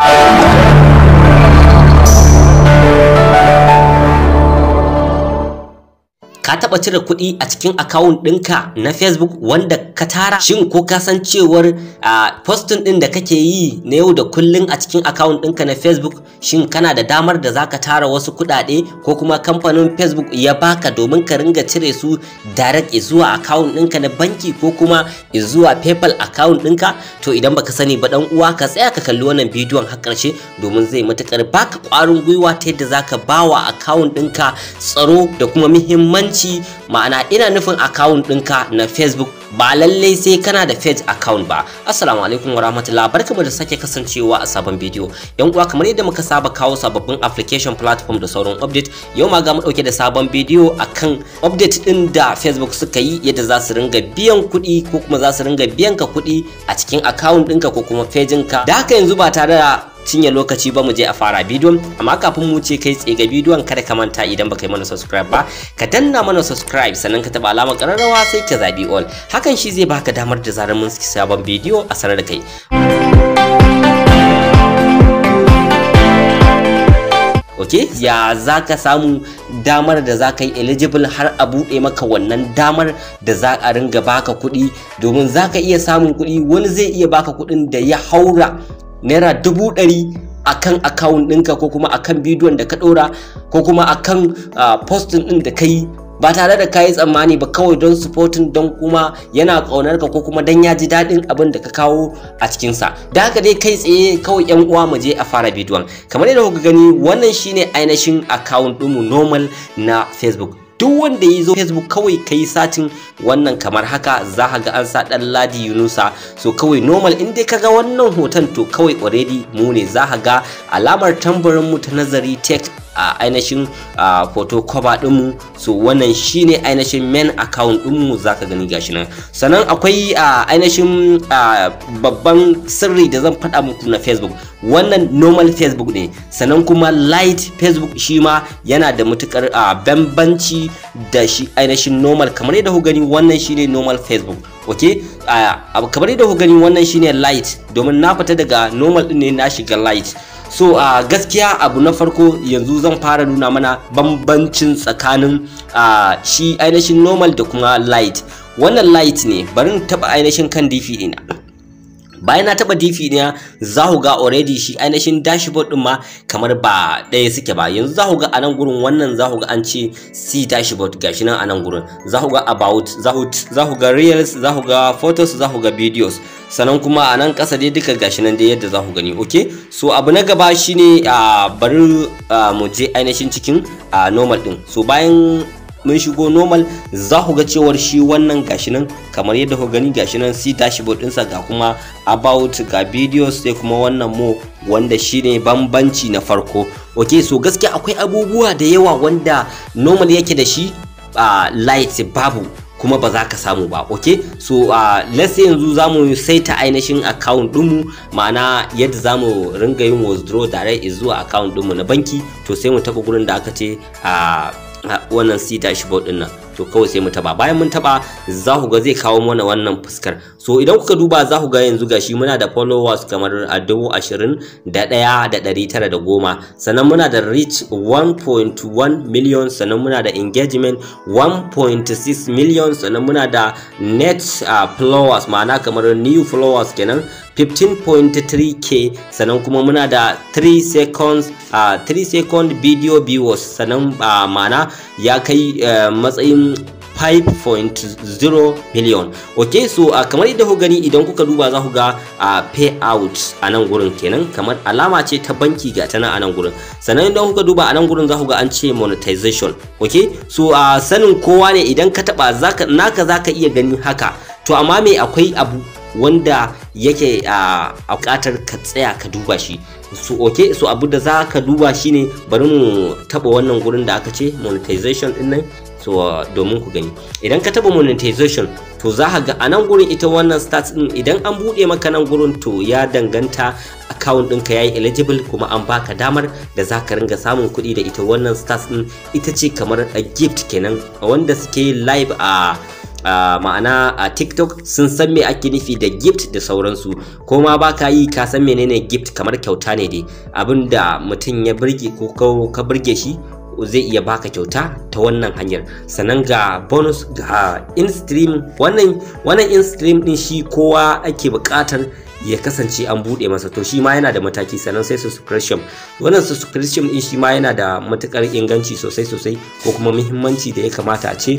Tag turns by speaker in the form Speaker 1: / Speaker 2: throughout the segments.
Speaker 1: you ka taɓa cire kuɗi a cikin akawun ɗinka na facebook wanda ka tara shin ko ka san cewar postin ɗin da kake yi na yau da kullun a cikin akawun ɗinka na facebook shin kana da damar da zaka tara wasu kuɗaɗe ko kuma kamfanin facebook ya baka domin ka ringa cire su direct zuwa akawun ɗinka na banki ko kuma zuwa paypal akawun ɗinka to idan baka sani ba ɗan uwa ka tsaya ka kalli wannan bidiyon har ƙarshe domin zai matukar baka ƙwarin gwiwa ta yadda zaka bawa akawun ɗinka tsaro da kuma muhimmanci shi ma'ana ina nufin akawun ɗinka na facebook ba lallai sai kana da page account ba assalamu alaikum warahmatullahi barkamu da sake kasancewa a sabon bidiyo yan uwa kamar yadda muka saba kawo sababbin application platform da sauran update yau ma ga mu dauke da sabon bidiyo akan update din da facebook suka yi yadda za su ringa biyan kuɗi ko kuma za su ringa biyan ka kuɗi a cikin account ɗinka ko kuma page da haka yanzu ba tare da cinye lokaci ba mu je a fara bidiyon amma kafin mu ce kai tsaye ga bidiyon kada ka manta idan baka yi mana subscribe ba ka danna mana subscribe sannan ka taba alamar kararrawa sai ka zabi all hakan shi zai baka damar da zarar mun saki sabon bidiyo a sanar da kai ok ya za ka samu damar da za ka yi eligible har a buɗe maka wannan damar da za a ringa baka kuɗi domin za ka iya samun kuɗi wani zai iya baka kuɗin da ya haura naira dubu ɗari akan akawun ɗinka ko kuma akan bidiyon da ka ɗora ko kuma akan postin ɗin da ka yi ba tare da kayi tsammani ba kawai don supporting don kuma yana ƙaunar ka ko kuma don ya ji daɗin abin da ka kawo a cikinsa da haka dai kai tsaye kawai yan uwa mu je a fara bidiyon kamar yadda kuka gani wannan shine ainihin akawun ɗinmu normal na facebook duk wanda ya zo facebook kawai ka yi satin wannan kamar haka za ka ga an sa dan ladi yunusa so kawai normal in dai ka ga wannan hoton to kawai already mu ne za ka ga alamar tambarin mu ta nazari Tech. a ainihin photo cover dinmu so wannan shine ainihin main account dinmu zaka gani gashi nan sannan akwai ainihin babban sirri da zan faɗa muku na facebook wannan normal facebook ne sannan kuma light facebook shi ma yana da matukar bambanci da shi ainihin normal kamar yadda ku gani wannan shine normal facebook ok kamar yadda ku gani wannan shine light domin na fita daga normal din ne na shiga light so a uh, gaskiya abu na farko yanzu zan fara nuna mana bambancin tsakanin uh, shi ainihin normal da kuma light wannan light ne bari in taba ainihin kan dp ɗina bayan na taba dp ɗina za ku ga already shi ainihin dashboard ɗin ma kamar ba ɗaya suke ba yanzu za ku ga a nan gurin wannan za ku ga an ce c dashboard gashi nan a nan gurin za ku ga about za ku ga reels za ku ga photos za ku ga videos sannan kuma a nan ƙasa dai duka gashi nan dai yadda za ku gani okay so abu na gaba shine a ah, bari ah, mu je ainihin cikin ah, normal ɗin so bayan mun shigo normal za ku ga cewar shi wannan gashi kamar yadda ku gani gashi nan si dashboard ga kuma about ga videos sai kuma wannan mo wanda shine bambanci na farko ok so gaskiya akwai abubuwa da yawa wanda normal yake da shi uh, light babu kuma ba za ka samu ba ok so uh, let's say yanzu za mu saita ainihin account ɗinmu ma'ana yadda za mu ringa yin withdraw direct zuwa account ɗinmu na banki to sai mu taɓa gurin da aka ce uh, wannan c dashboard din nan to kawai sai mu taba bayan mun taba za ku ga zai kawo mana wannan fuskar so idan kuka duba za ku ga yanzu gashi muna da followers kamar a dubu ashirin da ɗaya da ɗari tara da goma sannan muna da reach 1.1 million sannan muna da engagement 1.6 million sannan muna da net uh, followers ma'ana kamar new followers kenan 15.3k sannan kuma muna da 3 seconds uh, ah, 3 second video viewers sannan uh, ma'ana ya kai uh, matsayin 5.0 million ok so uh, kamar yadda ku gani idan kuka duba za ku ga uh, ah, payout a nan gurin kenan kamar alama ce ta banki ga tana a nan gurin sannan idan kuka duba a nan gurin za ku ga an ce monetization ok so uh, sanin kowa ne idan ka taba zaka, naka zaka iya gani haka to amma me akwai abu wanda yake uh, a buƙatar ka tsaya ka duba shi so ok so abu da za ka duba shine bari mu taba wannan gurin da aka ce monetization din nan so domin ku gani idan ka taba monetization to za ka ga a nan gurin ita wannan stats din idan an buɗe maka nan gurin to ya danganta account ɗinka yi eligible kuma an baka damar da za ka ringa samun kuɗi da ita wannan stats din ita ce kamar a gift kenan wanda suke live a Uh, ma'ana a uh, tiktok sun san me ake nufi da gift da sauransu ko ma ba ka yi ka san menene gift kamar kyauta ne dai abinda mutum ya birge ko ka birge shi zai iya baka kyauta ta wannan hanyar sannan ga bonus ga in stream wannan in stream din shi kowa ake bukatar ya kasance an buɗe masa to shi ma yana da mataki sannan sai subscription wannan subscription din shi ma yana da matukar inganci sosai sosai ko kuma muhimmanci da ya kamata a ce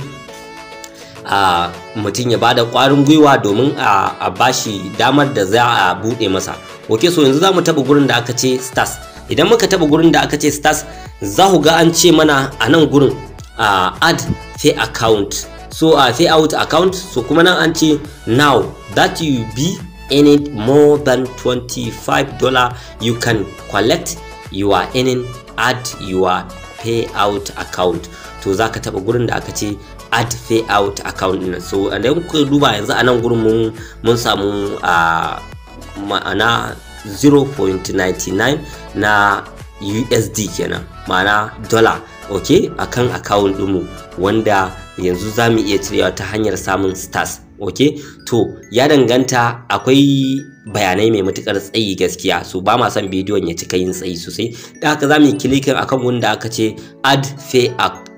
Speaker 1: a mutum ya bada kwarin gwiwa domin a bashi damar da za a buɗe masa ok so yanzu za mu taɓa gurin da aka ce stars idan muka taba gurin da aka ce stars za ku ga an ce mana a nan gurin uh, add pay account so a uh, out account so kuma nan an ce now that you be earning more than 25 dollar you can collect you are earning add your pay out account to za ka taba gurin da aka ce add pay out account din so idan kuka duba yanzu a nan gurin mun samu a ma'ana 0.99 na USD kenan ma'ana dola. ok akan akawun ɗinmu wanda yanzu za mu iya cirewa ta hanyar samun stars ok to ya danganta akwai bayanai mai matukar tsayi gaskiya su ba ma son bidiyon ya cika yin tsayi sosai da haka za mu yi kilikin akan wanda aka ce add pay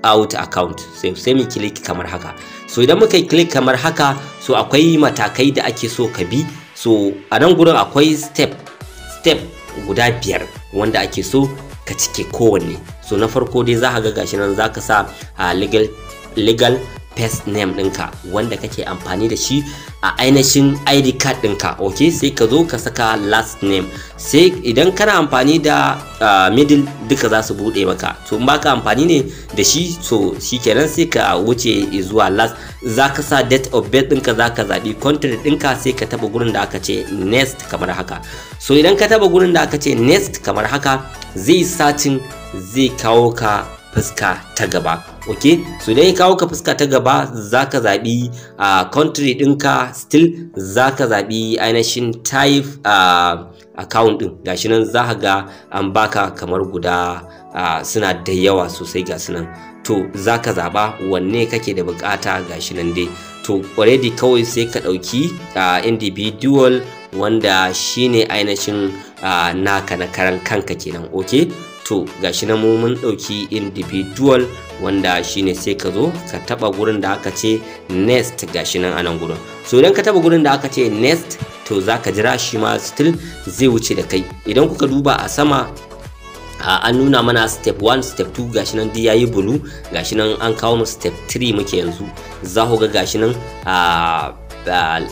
Speaker 1: out account sai sai mu kilik kamar haka so idan muka yi kilik kamar haka so akwai matakai da ake so ka bi so a nan gurin akwai step step guda biyar wanda ake so ka cike kowanne so na farko dai za ka ga gashi nan za ka sa ah, legal legal first name ɗinka wanda kake amfani da shi a ainihin id card ɗinka ok sai ka zo ka saka last name sai idan kana amfani da uh, middle duka za su buɗe maka to in baka amfani ne da shi to shi kenan sai ka wuce zuwa last za ka sa date of birth ɗinka za ka zaɓi country ɗinka sai ka taɓa gurin da aka ce next kamar haka so idan ka taɓa gurin da aka ce next kamar haka zai satin zai kawo ka fuska ta gaba ok so dai kawo ka fuska ta gaba zaka zaɓi a country ɗinka still zaka zaɓi ainihin type uh, account ɗin gashi nan za ga an baka kamar guda uh, suna da yawa sosai ga sunan to zaka zaɓa wanne kake da bukata gashi nan dai to already kawai sai ka ɗauki uh, individual wanda shine ainihin uh, naka na karan kanka kenan ok to gashi na mu mun ɗauki individual wanda shine sai ka zo ka taba gurin da aka ce ga shi nan anan gurin so idan ka taba gurin da aka ce nest to za ka jira shi ma still zai wuce da kai idan kuka duba a sama a an nuna mana step 1 step 2 gashi nan duk yayi bulu gashi nan an kawo mu step 3 muke yanzu za ku ga gashi nan uh,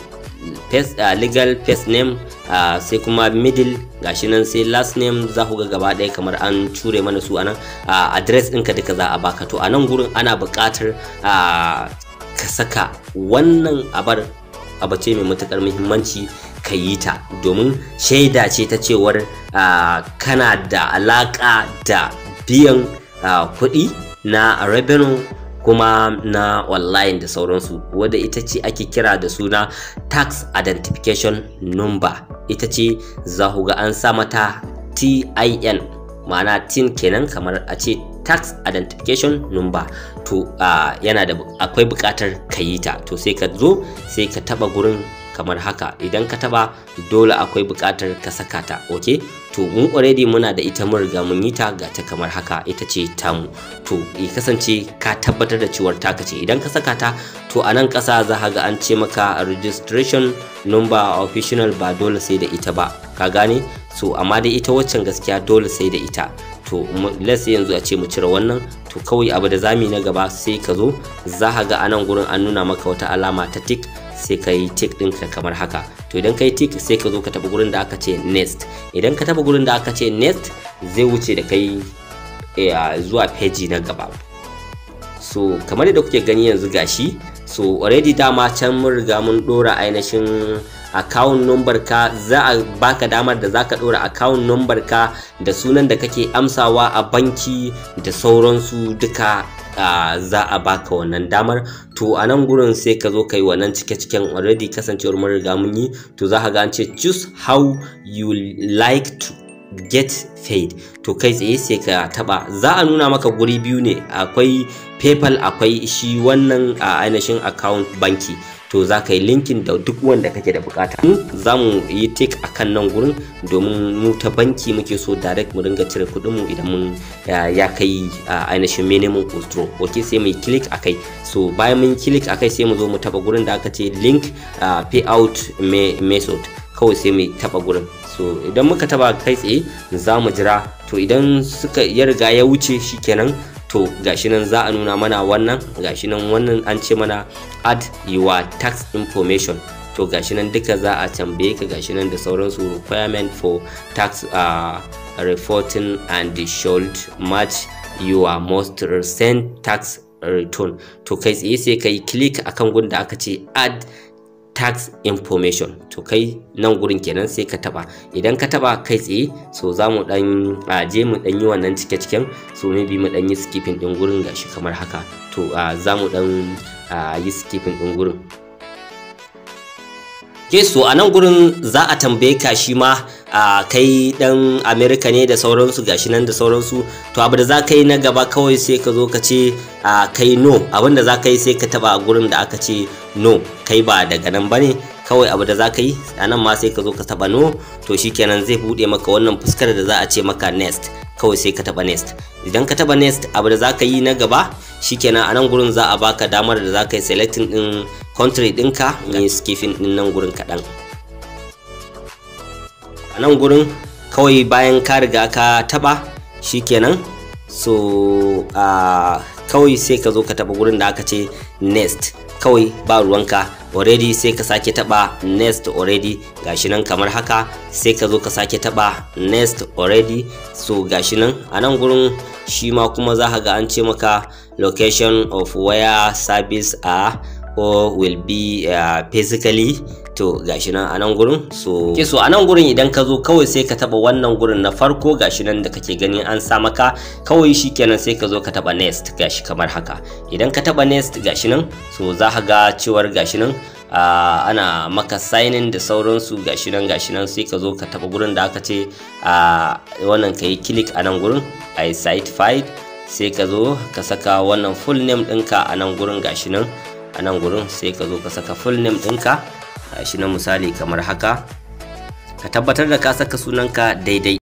Speaker 1: Ah, legal first name ah, sai kuma middle gashi nan sai last name za ku ga gaba ɗaya kamar an ture mana su anan ah, address ɗinka duka za a baka to a nan gurin ana buƙatar ka saka wannan abar abu ce mai matuƙar muhimmanci ka yi ta domin shaida ce ta cewar kana da alaƙa da biyan kuɗi na revenue kuma na online da sauransu wadda ita ce ake kira da suna tax identification number ita ce za ga an sa mata tin ma'ana tin kenan kamar a ce tax identification number to uh, yana da akwai bukatar ka yi ta to sai ka zo sai ka taba gurin kamar haka idan ka taba dole akwai bukatar ka saka ta okay to mu already muna da ita mun riga mun yi ta ga ta kamar haka ita ce tamu to ya kasance ka tabbatar da cewar taka ce idan ka saka ta to a nan ƙasa za ka ga an ce maka registration number official ba dole sai da ita ba ka gane so amma dai ita waccan gaskiya dole sai da ita to let's yanzu a ce mu cire wannan to kawai abu da zami na gaba sai ka zo za ka ga a nan gurin an nuna maka wata alama ta tik sai ka yi tik ɗinka kamar haka to idan kai tik sai ka zo ka tafi gurin da aka ce next idan ka tafi gurin da aka ce next zai wuce da kai eh, zuwa page na gaba so kamar yadda kuke gani yanzu gashi so already dama can mun riga mun dora ainihin account number ka za a baka damar da zaka dora account number ka da sunan da kake amsawa a banki da sauransu duka za a baka wannan damar to a nan gurin sai ka zo kai wannan cike-ciken already kasancewar mun riga mun yi to za ka ga choose how you like to get paid to kai tsaye sai ka taba za a nuna maka guri biyu ne akwai paypal akwai shi wannan a ainihin account banki to za ka yi linkin da duk wanda kake da bukata za mu yi tik a kan nan gurin domin mu ta banki muke so direct mu ringa cire kuɗin mu idan mun ya kai ainihin minimum withdraw ok sai mu yi click a kai so bayan mun click a kai sai mu zo mu taba gurin da aka ce link payout method kawai sai mu taba gurin so idan muka taba kai tsaye za mu jira to idan suka ya riga ya wuce shikenan to gashi nan za a nuna mana wannan gashi nan wannan an ce mana add your tax information to gashi nan duka za a tambaye ka gashi nan da sauransu requirement for tax uh, reporting and should match your most recent tax return to kai tsaye sai kai click akan gun da aka ce add tax information to kai nan gurin kenan sai ka taba idan ka taba kai tsaye so za mu dan je mu dan yi wannan cike ciken so maybe mu dan yi skipping din gurin gashi kamar haka to za mu dan yi skipping din gurin ke so a nan gurin za a tambaye ka shi ma kai dan america ne da sauransu gashi nan da sauransu to abu da za ka yi na gaba kawai sai ka zo ka ce kai no abin da za ka yi sai ka taba gurin da aka ce no kai ba daga nan bane kawai abu da za ka yi a nan ma sai ka zo ka taba no to shikenan zai buɗe maka wannan fuskar da za a ce maka nest, kawai sai ka taba next idan ka taba next abu da za ka yi na gaba shikenan a nan gurin za a baka damar da za ka yi selecting din country ɗinka ne skipping din nan gurin kaɗan a nan gurin kawai bayan ka riga ka taba shikenan so a ah, kawai sai ka zo ka taba gurin da aka ce nest. kawai ba ruwanka already sai ka sake taba next already gashi nan kamar haka sai ka zo ka sake taba next already so gashi nan a nan gurin shi ma kuma za ka ga an ce maka location of where service a or will be uh, physically to gashi nan a nan gurin so ke so a nan gurin idan ka zo kawai sai ka taba wannan gurin na farko gashi nan da kake gani an sa maka kawai shikenan sai ka zo ka taba next gashi kamar haka idan ka taba next gashi nan so za ka ga cewar gashi nan uh, ana maka sainin da sauransu gashi nan gashi nan sai ka zo ka taba gurin da aka ce a wannan ka yi click a nan gurin a yi site file sai ka zo ka saka wannan full name ɗinka a nan gurin gashi nan a nan gurin sai ka zo ka saka full name ɗinka shi na misali kamar haka ka tabbatar da ka saka sunanka daidai